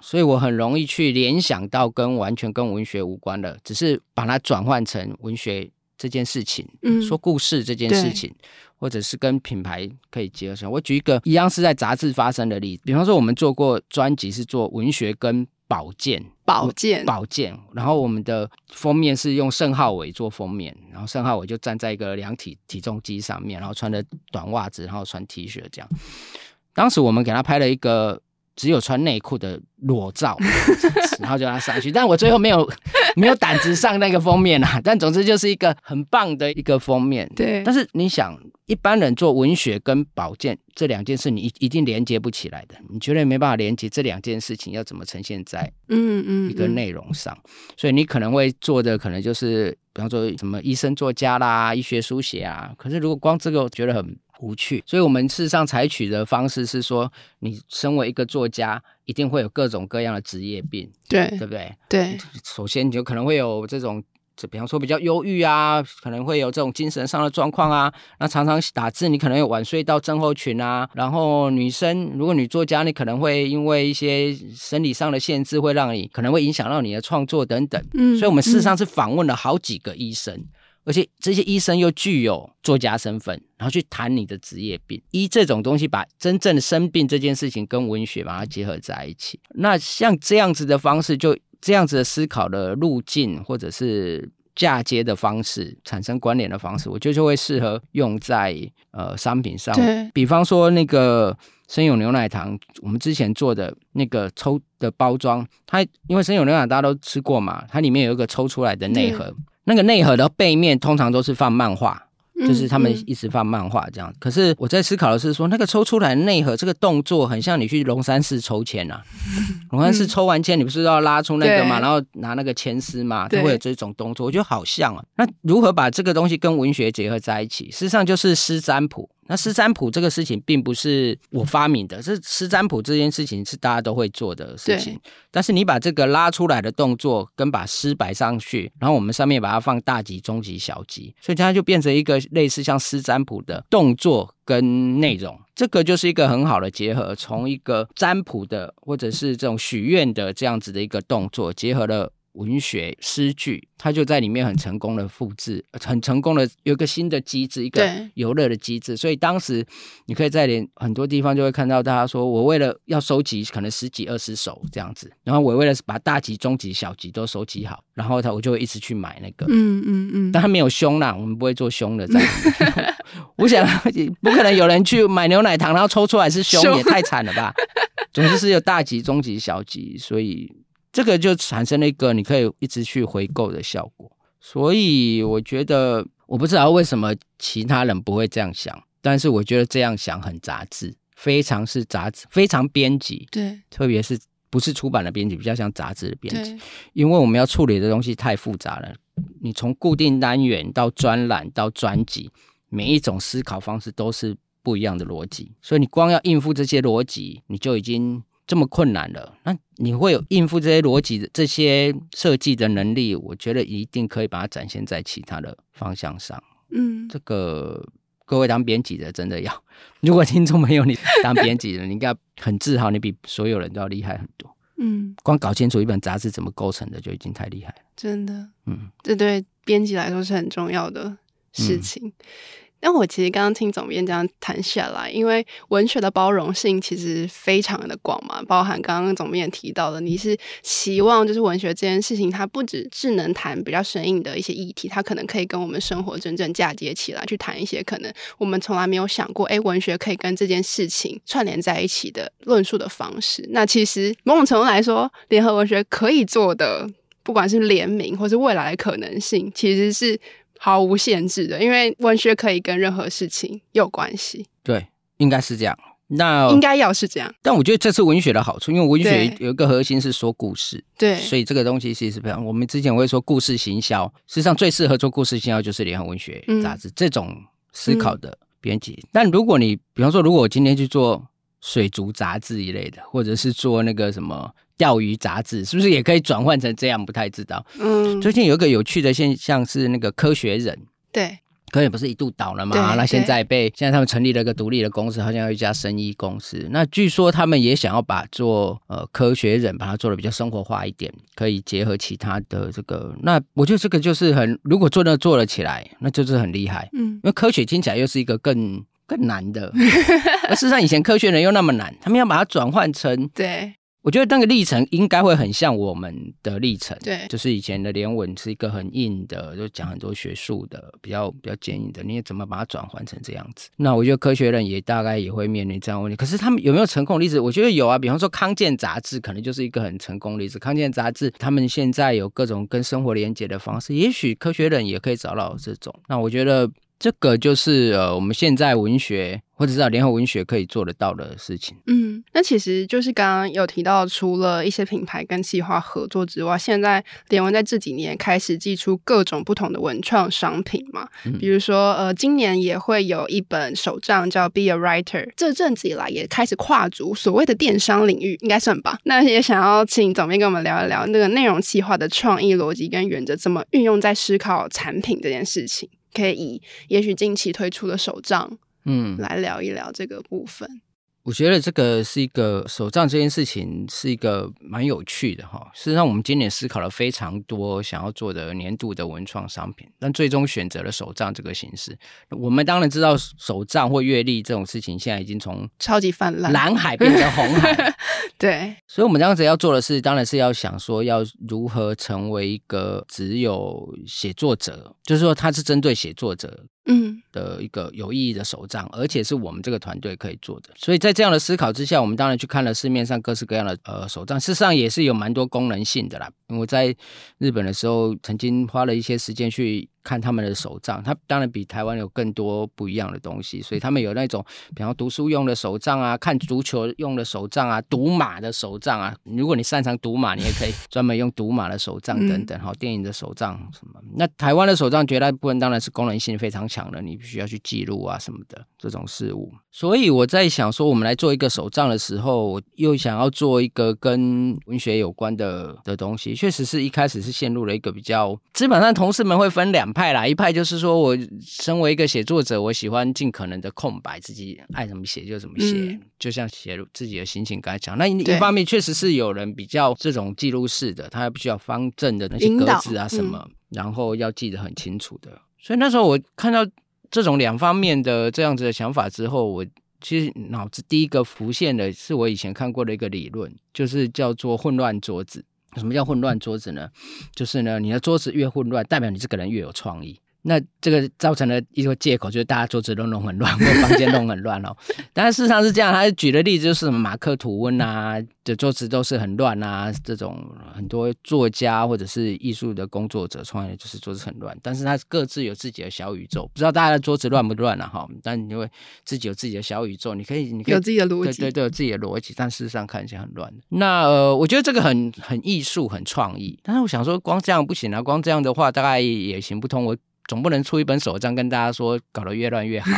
所以我很容易去聯想到跟完全跟文學無關的，只是把它轉換成文學這件事情，嗯，說故事這件事情，對或者是跟品牌可以結合上。我舉一個一樣是在雜誌發生的例子，比方說我們做過專輯是做文學跟保健，保健，保健。然後我們的封面是用盛浩偉做封面，然後盛浩偉就站在一個量體體重機上面，然後穿着短襪子，然後穿 T 恤這樣。當時我們給他拍了一個。只有穿內褲的裸照， 然後讓他上去，但我最後沒有 沒有膽子上那個封面啊！但總之就是一個很棒的一個封面。對，但是你想，一般人做文學跟保健這兩件事，你一定連接不起來的，你絕對沒辦法連接這兩件事情，要怎麼呈現在嗯嗯一個內容上？嗯嗯嗯、所以你可能會做的可能就是，比方說什麼醫生作家啦，醫學書寫啊。可是如果光這個，我覺得很無趣，所以我們事實上採取的方式是說，你身為一個作家，一定會有各種各樣的職業病，對對不對？對，首先你就可能會有這種，比方說比較憂鬱啊，可能會有這種精神上的狀況啊。那常常打字，你可能有晚睡到症候群啊。然後女生，如果女作家，你可能會因為一些生理上的限制，會讓你可能會影響到你的創作等等。嗯，所以我們事實上是訪問了好幾個醫生。嗯嗯而且這些醫生又具有作家身份，然後去談你的職業病，以這種東西，把真正的生病這件事情跟文學把它結合在一起。那像這樣子的方式，就這樣子的思考的路徑，或者是嫁接的方式，產生關聯的方式，我覺得就會適合用在呃商品上。對比方說那個森永牛奶糖，我們之前做的那個抽的包裝，它因為森永牛奶大家都吃過嘛，它裡面有一個抽出來的內盒。那個內核的背面通常都是放漫畫，嗯、就是他們一直放漫畫這樣。嗯、可是，我在思考的是說，說那個抽出來的內核，這個動作很像你去龍山寺抽籤啊。龍、嗯、山寺抽完籤，你不是要拉出那個嘛？對然後拿那個籤詩嘛，它會有這種動作，對我覺得好像啊。那如何把這個東西跟文學結合在一起？事實上就是詩占卜。那詩占卜這個事情並不是我發明的，是詩占卜這件事情是大家都會做的事情。對但是你把這個拉出來的動作跟把詩擺上去，然後我們上面把它放大吉、中吉、小吉，所以它就變成一個類似像詩占卜的動作跟內容，這個就是一個很好的結合。從一個占卜的或者是這種許願的這樣子的一個動作，結合了。文學詩句，他就在裡面很成功的複制，很成功的有一個新的機制，一個遊樂的機制。對所以當時你可以在連很多地方就會看到大家說，我為了要收集可能十幾二十首這樣子，然後我為了把大吉、中吉、小吉都收集好，然後他我就會一直去買那個。嗯嗯嗯，嗯嗯但他沒有兇啦、啊，我們不會做兇的在。在 我想，不可能有人去買牛奶糖，然後抽出來是兇，兇也太慘了吧。 總之是有大吉、中吉、小吉，所以。這個就產生了一個你可以一直去回購的效果，所以我覺得我不知道為什麼其他人不會這樣想，但是我覺得這樣想很雜誌，非常是雜誌非常編輯，對，特別是不是出版的編輯，比較像雜誌的編輯，因為我們要處理的東西太複雜了。你從固定單元到專欄到專輯，每一種思考方式都是不一樣的邏輯，所以你光要應付這些邏輯，你就已經。這麼困難了，那你會有應付這些邏輯的這些設計的能力？我覺得一定可以把它展現在其他的方向上。嗯，這個各位當編輯的真的要，如果聽眾沒有你當編輯的， 你應該很自豪，你比所有人都要厲害很多。嗯，光搞清楚一本雜誌怎麼構成的就已經太厲害了，真的。嗯，這對編輯來說是很重要的事情。嗯那我其實剛剛聽總編這樣談下來，因為文學的包容性其實非常的廣嘛，包含剛剛總編也提到的，你是希望就是文學這件事情，它不只只能談比較生硬的一些議題，它可能可以跟我們生活真正嫁接起來，去談一些可能我們從來沒有想過，誒文學可以跟這件事情串聯在一起的論述的方式。那其實某種程度來說，聯合文學可以做的，不管是聯名或是未來的可能性，其實是。毫無限制的，因為文學可以跟任何事情有關係。對，應該是這樣。那應該要是這樣。但我覺得這是文學的好處，因為文學有一個核心是說故事，對，所以這個東西其實比較。我們之前會說故事行銷，實際上最適合做故事行銷就是聯合文學雜誌、嗯、這種思考的編輯。嗯、但如果你，比方說，如果我今天去做水族雜誌一類的，或者是做那個什麼。釣魚雜誌是不是也可以轉換成這樣？不太知道。嗯，最近有一個有趣的現象是，那個科學人，對，科學人不是一度倒了嗎？對那現在被對現在他們成立了一個獨立的公司，好像有一家生意公司。那據說他們也想要把做呃科學人把它做的比較生活化一點，可以結合其他的這個。那我覺得這個就是很，如果做那做了起來，那就是很厲害。嗯，因為科學聽起來又是一個更更難的， 而事實上以前科學人又那麼難，他們要把它轉換成對。我覺得那個歷程應該會很像我們的歷程，對，就是以前的聯文是一個很硬的，就講很多學術的，比較比較堅硬的。你也怎麼把它轉換成這樣子？那我覺得科學人也大概也會面臨這樣問題。可是他們有沒有成功的例子？我覺得有啊，比方說康健雜誌可能就是一個很成功例子。康健雜誌他們現在有各種跟生活連結的方式，也許科學人也可以找到這種。那我覺得。這個就是呃，我們現在文學或者叫聯合文學可以做得到的事情。嗯，那其實就是剛剛有提到，除了一些品牌跟企劃合作之外，現在聯文在這幾年開始寄出各種不同的文創商品嘛，嗯，比如說呃，今年也會有一本手賬叫《Be a Writer》，這陣子以來也開始跨足所謂的電商領域，應該算吧。那也想要請總編跟我們聊一聊那個內容企劃的創意邏輯跟原則，怎麼運用在思考產品這件事情。可以以也許近期推出的手賬，嗯，來聊一聊這個部分。嗯我覺得這個是一個手賬這件事情是一個蠻有趣的哈、哦。事實上，我們今年思考了非常多想要做的年度的文創商品，但最終選擇了手賬這個形式。我們當然知道手賬或月曆這種事情現在已經從超級泛濫藍海變成紅海， 對。所以，我們這樣子要做的是，當然是要想說要如何成為一個只有寫作者，就是說它是針對寫作者。嗯，的一個有意義的手帳，而且是我們這個團隊可以做的。所以在這樣的思考之下，我們當然去看了市面上各式各樣的呃手帳，事實上也是有蠻多功能性的啦。因為我在日本的時候，曾經花了一些時間去。看他們的手賬，他當然比台灣有更多不一樣的東西，所以他們有那種，比方讀書用的手賬啊，看足球用的手賬啊，賭馬的手賬啊。如果你擅長賭馬，你也可以專門用賭馬的手賬等等。好、嗯哦，電影的手賬什麼？那台灣的手賬絕大部分當然是功能性非常強的，你必須要去記錄啊什麼的這種事物。所以我在想說，我們來做一個手賬的時候，我又想要做一個跟文學有關的的東西，確實是一開始是陷入了一個比較，基本上同事們會分兩。派啦，一派就是說我身為一個寫作者，我喜歡盡可能的空白，自己愛怎麼寫就怎麼寫，嗯、就像寫自己的心情。剛才講那一方面，確實是有人比較這種記錄式的，對他不需要方正的那些格子啊什麼，導然後要記得很清楚的。嗯、所以那時候我看到這種兩方面的這樣子的想法之後，我其實腦子第一個浮現的是我以前看過的一個理論，就是叫做混亂桌子。什麼叫混亂桌子呢？就是呢，你的桌子越混亂，代表你這個人越有創意。那這個造成了一個借口，就是大家桌子都弄很亂，或房間弄很亂哦。 但是事實上是這樣，他舉的例子就是什麼馬克吐溫吶的桌子都是很亂啊，這種很多作家或者是藝術的工作者，創業就是桌子很亂。但是他各自有自己的小宇宙，不知道大家的桌子亂不亂了、啊、哈。但因為自己有自己的小宇宙，你可以，你可以有自己的邏輯，對對，對對，有自己的邏輯。但事實上看起來很亂。那呃我覺得這個很很藝術，很創意。但是我想說，光這樣不行啊，光這樣的話大概也行不通。我。總不能出一本手賬跟大家說搞得越亂越好，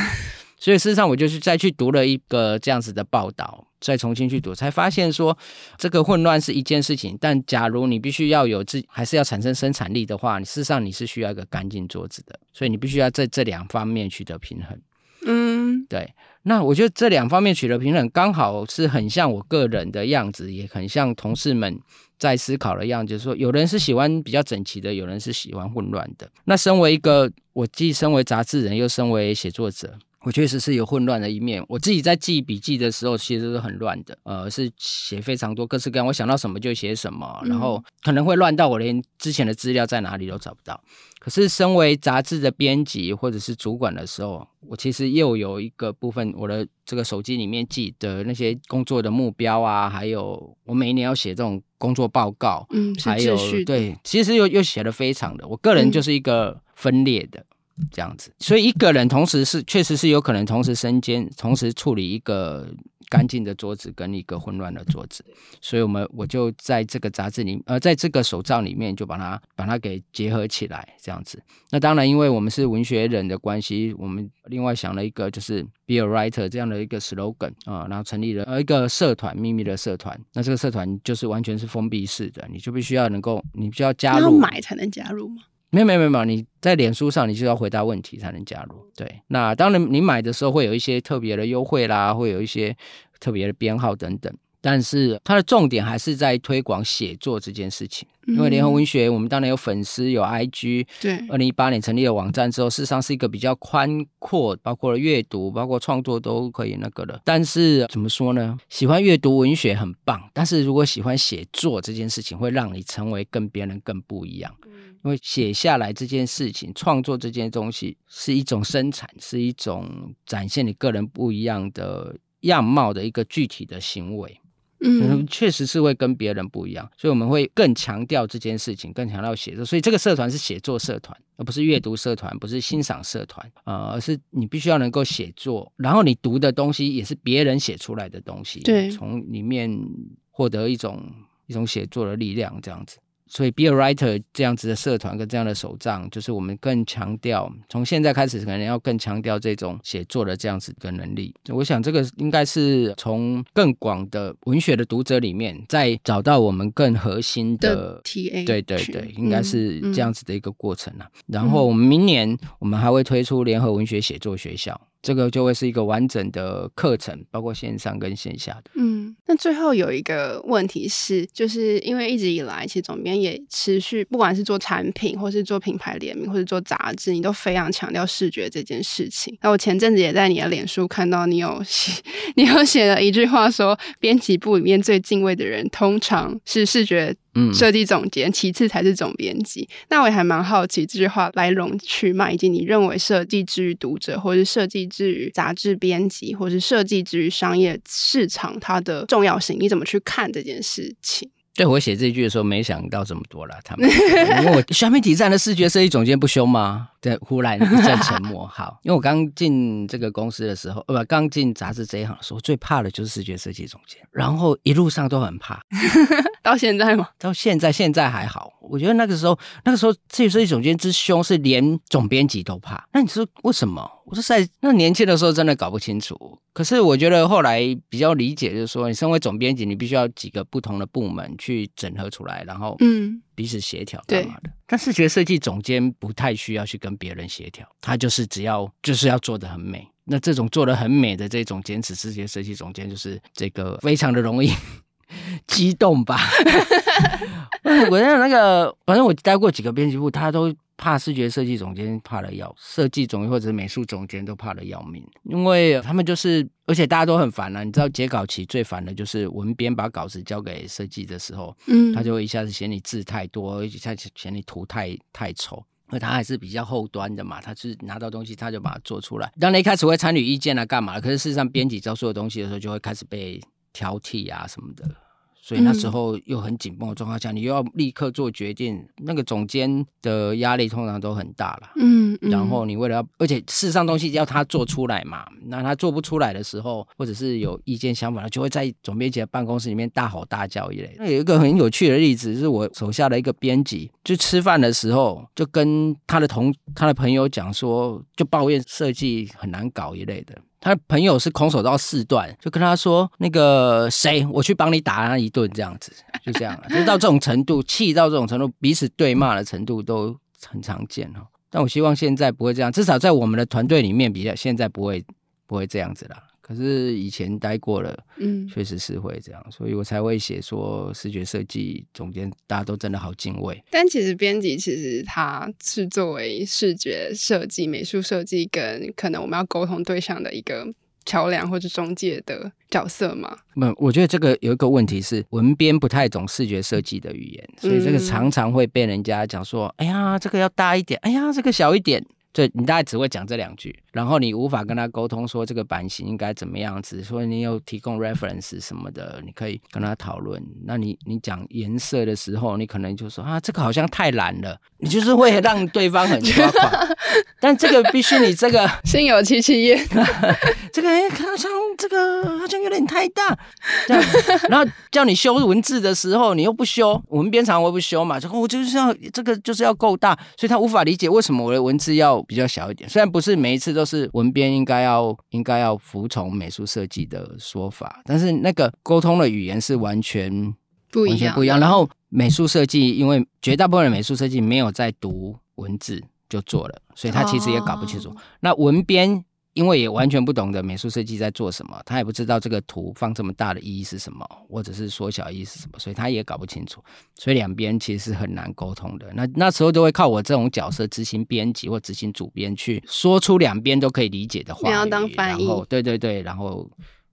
所以事實上我就是再去讀了一個這樣子的報道，再重新去讀，才發現說這個混亂是一件事情，但假如你必須要有自還是要產生生產力的話，你事實上你是需要一個乾淨桌子的，所以你必須要在這兩方面取得平衡。對，那我覺得這兩方面取得平衡，剛好是很像我個人的樣子，也很像同事們在思考的樣子。就是說，有人是喜歡比較整齊的，有人是喜歡混亂的。那身為一個，我既身為雜誌人，又身為寫作者。我確實是有混亂的一面，我自己在記筆記的時候，其實是很亂的，呃，是寫非常多，各式各樣，我想到什麼就寫什麼，嗯，然後可能會亂到我連之前的資料在哪裡都找不到。可是，身為雜誌的編輯或者是主管的時候，我其實又有一個部分，我的這個手機裡面記的那些工作的目標啊，還有我每一年要寫這種工作報告，嗯，還有對，其實又又寫的非常的，我個人就是一個分裂的。嗯這樣子，所以一個人同時是，確實是有可能同時身兼，同時處理一個乾淨的桌子跟一個混亂的桌子。所以，我們我就在這個雜誌裡面，呃，在這個手賬裡面，就把它把它給結合起來，這樣子。那當然，因為我們是文學人的關係，我們另外想了一個就是 Be a writer 這樣的一個 slogan 啊、嗯，然後成立了呃一個社團，秘密的社團。那這個社團就是完全是封閉式的，你就必須要能夠，你必須要加入，要買才能加入嘛。沒有沒有沒有，你在臉書上，你就要回答問題才能加入。對，那當然你買的時候會有一些特別的優惠啦，會有一些特別的編號等等。但是它的重點還是在推廣寫作這件事情。嗯、因為聯合文學，我們當然有粉絲，有 IG。對，二零一八年成立了網站之後，事實上是一個比較寬闊，包括了閱讀、包括創作都可以那個的。但是怎麼說呢？喜歡閱讀文學很棒，但是如果喜歡寫作這件事情，會讓你成為跟別人更不一樣。嗯因為寫下來這件事情，創作這件東西是一種生產，是一種展現你個人不一樣的樣貌的一個具體的行為，嗯，嗯，確實是會跟別人不一樣，所以我們會更強調這件事情，更強調寫作。所以這個社團是寫作社團，而不是閱讀社團，不是欣賞社團，呃，而是你必須要能夠寫作，然後你讀的東西也是別人寫出來的東西，對，從裡面獲得一種一種寫作的力量，這樣子。所以，Be a Writer 這樣子的社團跟這樣的手賬，就是我們更強調從現在開始可能要更強調這種寫作的這樣子的能力。我想這個應該是從更廣的文學的讀者裡面，再找到我們更核心的 TA，對對對，對，應該是這樣子的一個過程了。然後我們明年我們還會推出聯合文學寫作學校。這個就會是一個完整的課程，包括線上跟線下的。嗯，那最後有一個問題是，就是因為一直以來，其實總編也持續，不管是做產品，或是做品牌聯名，或者做雜誌，你都非常強調視覺這件事情。那我前陣子也在你的臉書看到你有寫，你有寫了一句話說：編輯部裡面最敬畏的人，通常是視覺。嗯，設計總監，其次才是總編輯。那我也還蠻好奇這句話來龍去脈，以及你認為設計之於讀者，或是設計之於雜誌編輯，或是設計之於商業市場，它的重要性，你怎麼去看這件事情？對，我寫這句的時候，沒想到這麼多了他們。 我新媒體站的視覺設計總監不凶嗎？忽然一陣沉默。好，因為我剛進這個公司的時候，呃，不，剛進雜誌這一行的時候，最怕的就是視覺設計總監。然後一路上都很怕， 到現在嗎？到現在，現在還好。我覺得那個時候，那個時候視覺設計總監之凶是連總編輯都怕。那你說為什麼？我說在那年輕的時候真的搞不清楚。可是我覺得後來比較理解，就是說你身為總編輯，你必須要幾個不同的部門去整合出來，然後嗯。彼此協調幹嘛的？對但視覺設計總監不太需要去跟別人協調，他就是只要就是要做的很美。那這種做的很美的這種堅持視覺設計總監，就是這個非常的容易 激動吧？ 我那那個反正我待過幾個編輯部，他都。怕視覺設計總監怕的要，設計總監或者美術總監都怕的要命，因為他們就是，而且大家都很煩啊。你知道，截稿期最煩的就是文編把稿子交給設計的時候，嗯，他就會一下子嫌你字太多，一下子嫌你圖太太醜，因為他還是比較後端的嘛，他就是拿到東西他就把它做出來。當你一開始會參與意見啊，幹嘛？可是事實上，編輯交所有東西的時候，就會開始被挑剔啊什麼的。所以那時候又很緊繃的狀況下，你又要立刻做決定，那個總監的壓力通常都很大啦。嗯，然後你為了要，而且事實上東西要他做出來嘛，那他做不出來的時候，或者是有意見相反，他就會在總編輯的辦公室裡面大吼大叫一類。那有一個很有趣的例子，是我手下的一個編輯，就吃飯的時候就跟他的同他的朋友講說，就抱怨設計很難搞一類的。他的朋友是空手道四段，就跟他說，那個誰，我去幫你打他一頓，這樣子，就這樣了，就是到這種程度，氣到這種程度，彼此對罵的程度都很常見哦。但我希望現在不會這樣，至少在我們的團隊裡面比較，現在不會不會這樣子啦。可是以前待過了，嗯，確實是會這樣，所以我才會寫說視覺設計總監大家都真的好敬畏。但其實編輯其實他是作為視覺設計、美術設計跟可能我們要溝通對象的一個橋梁或者中介的角色嘛。嗯，我覺得這個有一個問題是文編不太懂視覺設計的語言，所以這個常常會被人家講說，哎呀，這個要大一點，哎呀，這個小一點。對，你大概只會講這兩句，然後你無法跟他溝通說這個版型應該怎麼樣子，所以你有提供 reference 什麼的，你可以跟他討論。那你你講顏色的時候，你可能就說啊，這個好像太藍了，你就是會讓對方很抓狂。 但這個必須你這個心有戚戚焉， 這個、欸、好像這個好像有點太大這樣，然後叫你修文字的時候，你又不修，我們編長我又不修嘛，就我就是要這個就是要夠大，所以他無法理解為什麼我的文字要。比較小一點，雖然不是每一次都是文編應該要應該要服從美術設計的說法，但是那個溝通的語言是完全不一樣不一樣。然後美術設計，因為絕大部分的美術設計沒有在讀文字就做了，所以他其實也搞不清楚。Oh. 那文編。因為也完全不懂得美術設計在做什麼，他也不知道這個圖放這麼大的意義是什麼，或者是縮小意義是什麼，所以他也搞不清楚，所以兩邊其實是很難溝通的。那那時候都會靠我這種角色執行編輯或執行主編去說出兩邊都可以理解的話語，然後對對對，然後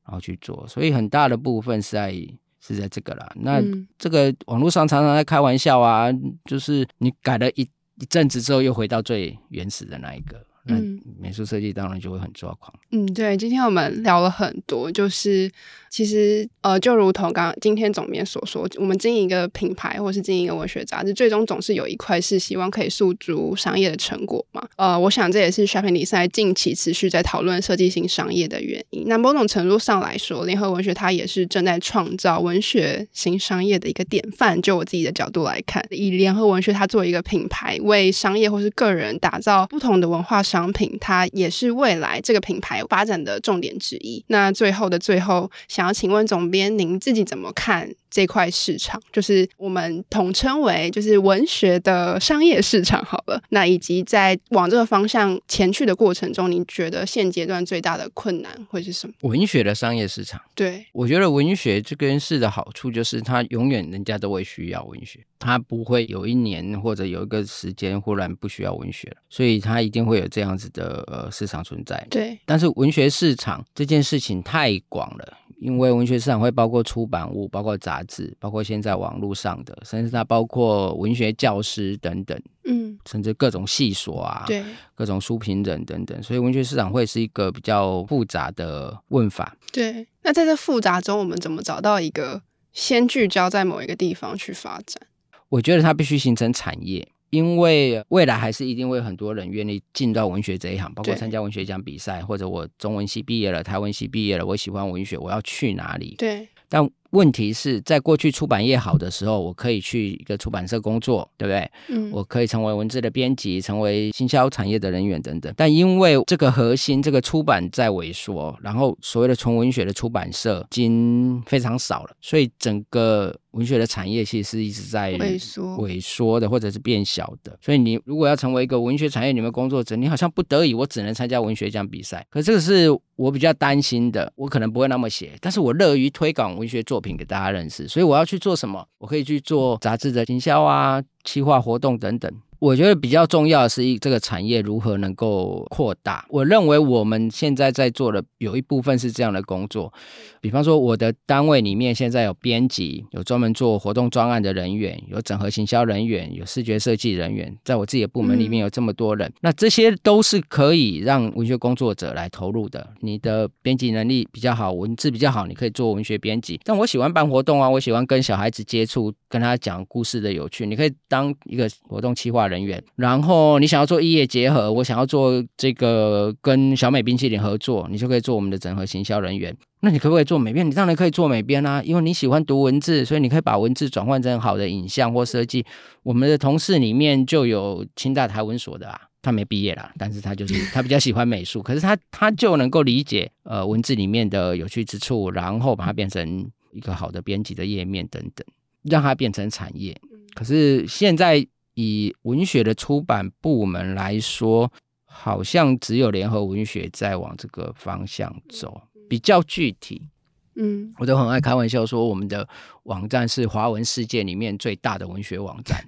然後去做，所以很大的部分是在是在這個啦。那、嗯、這個網絡上常常在開玩笑啊，就是你改了一一陣子之後，又回到最原始的那一個。嗯，那美術設計當然就會很抓狂嗯。嗯，對，今天我們聊了很多，就是其實呃，就如同剛剛今天總編所說，我們經營一個品牌或是經營一個文學雜誌，最終總是有一塊是希望可以訴諸商業的成果嘛。呃，我想這也是 Shopping Design 近期持續在討論設計型商業的原因。那某種程度上來說，聯合文學它也是正在創造文學型商業的一個典範。就我自己的角度來看，以聯合文學它作為一個品牌為商業或是個人打造不同的文化商品，它也是未來這個品牌發展的重點之一。那最後的最後，想要請問總編，您自己怎麼看？這塊市場就是我們統稱為就是文學的商業市場好了，那以及在往這個方向前去的過程中，你覺得現階段最大的困難會是什麼？文學的商業市場，對，我覺得文學這個事的好處就是它永遠人家都會需要文學，它不會有一年或者有一個時間忽然不需要文學了，所以它一定會有這樣子的呃市場存在。對，但是文學市場這件事情太廣了。因為文學市場會包括出版物，包括雜誌，包括現在網絡上的，甚至它包括文學教師等等，嗯，甚至各種系所啊，對，各種書評人等等。所以文學市場會是一個比較複雜的問法。對，那在這複雜中，我們怎麼找到一個先聚焦在某一個地方去發展？我覺得它必須形成產業。因為未來還是一定會很多人願意進到文學這一行，包括參加文學獎比賽，對或者我中文系畢業了，台文系畢業了，我喜歡文學，我要去哪裡？對，但。問題是，在過去出版業好的時候，我可以去一個出版社工作，對不對？嗯，我可以成為文字的編輯，成為行銷產業的人員等等。但因為這個核心，這個出版在萎縮，然後所謂的純文學的出版社已經非常少了，所以整個文學的產業其實一直在萎縮、萎縮的，或者是變小的。所以你如果要成為一個文學產業裡面工作者，你好像不得已，我只能參加文學獎比賽。可這個是我比較擔心的，我可能不會那麼寫，但是我樂於推廣文學作品。品給大家認識，所以我要去做什麼？我可以去做雜誌的行銷啊、企劃活動等等。我覺得比較重要的是，一這個產業如何能夠擴大。我認為我們現在在做的有一部分是這樣的工作，比方說我的單位裡面現在有編輯，有專門做活動專案的人員，有整合行銷人員，有視覺設計人員，在我自己的部門裡面有這麼多人，嗯、那這些都是可以讓文學工作者來投入的。你的編輯能力比較好，文字比較好，你可以做文學編輯。但我喜歡辦活動啊，我喜歡跟小孩子接觸，跟他講故事的有趣，你可以當一個活動企劃人員，然後你想要做異業結合，我想要做這個跟小美冰淇淋合作，你就可以做我們的整合行銷人員。那你可不可以做美編？你當然可以做美編啦，因為你喜歡讀文字，所以你可以把文字轉換成好的影像或設計。我們的同事裡面就有清大台文所的啊，他沒畢業啦，但是他就是他比較喜歡美術， 可是他他就能夠理解呃文字裡面的有趣之處，然後把它變成一個好的編輯的頁面等等，讓它變成產業。可是現在。以文學的出版部門來說，好像只有聯合文學在往這個方向走，比較具體。嗯，我都很愛開玩笑說，我們的網站是華文世界裡面最大的文學網站，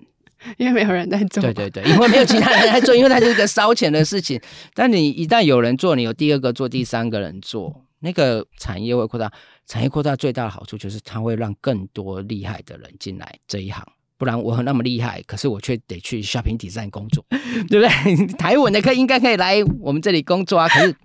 因為沒有人在做。對對對，因為沒有其他人在做， 因為它是一個燒錢的事情。但你一旦有人做，你有第二個做，第三個人做，那個產業會擴大。產業擴大最大的好處就是它會讓更多厲害的人進來這一行。不然我很那麼厲害，可是我卻得去 Shopping Design 工作，對不對？台文的課應該可以來我們這裡工作啊，可是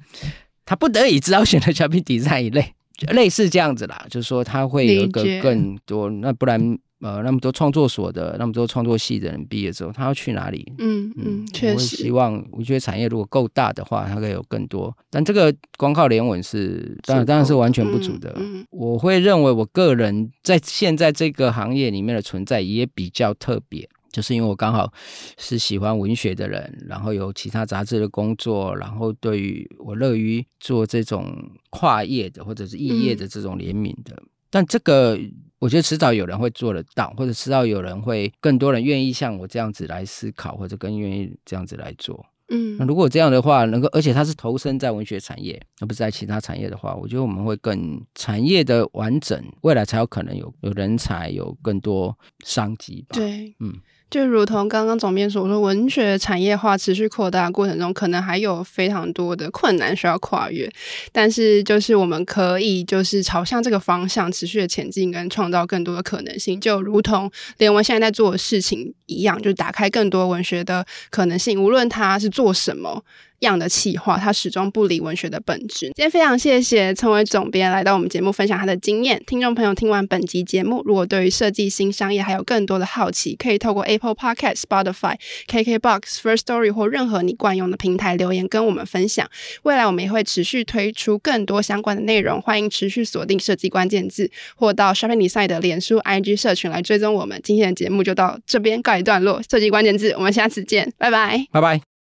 他不得已只好選擇 Shopping Design 一類，類似這樣子啦。就是說他會有一個更多，那不然。呃，那麼多創作所的，那麼多創作系的人畢業之後，他要去哪裡？嗯嗯，嗯確實，我希望文學產業如果夠大的話，他可以有更多。但這個光靠聯文是，是我當然當然是完全不足的。嗯嗯、我會認為，我個人在現在這個行業裡面的存在也比較特別，就是因為我剛好是喜歡文學的人，然後有其他雜誌的工作，然後對於我樂於做這種跨業的或者是異業的這種聯名的，嗯、但這個。我覺得遲早有人會做得到，或者遲早有人會更多人願意像我這樣子來思考，或者更願意這樣子來做。嗯，那如果這樣的話，能夠而且他是投身在文學產業，而不是在其他產業的話，我覺得我們會更產業的完整，未來才有可能有有人才，有更多商機吧。對，嗯。就如同剛剛總編所說，文學產業化持續擴大過程中，可能還有非常多的困難需要跨越，但是就是我們可以就是朝向這個方向持續的前進，跟創造更多的可能性，就如同聯文現在在做的事情一樣，就打開更多文學的可能性，無論他是做什麼。樣的企劃，他始終不離文學的本質。今天非常謝謝聰威總編來到我們節目分享他的經驗。聽眾朋友聽完本集節目，如果對於設計新商業還有更多的好奇，可以透過 Apple Podcast、Spotify、KKBox、First Story 或任何你慣用的平台留言跟我們分享。未來我們也會持續推出更多相關的內容，歡迎持續鎖定設計關鍵字，或到 Shopping Design 的臉書 IG 社群來追蹤我們。今天的節目就到這邊告一段落。設計關鍵字，我們下次見，拜拜，拜拜。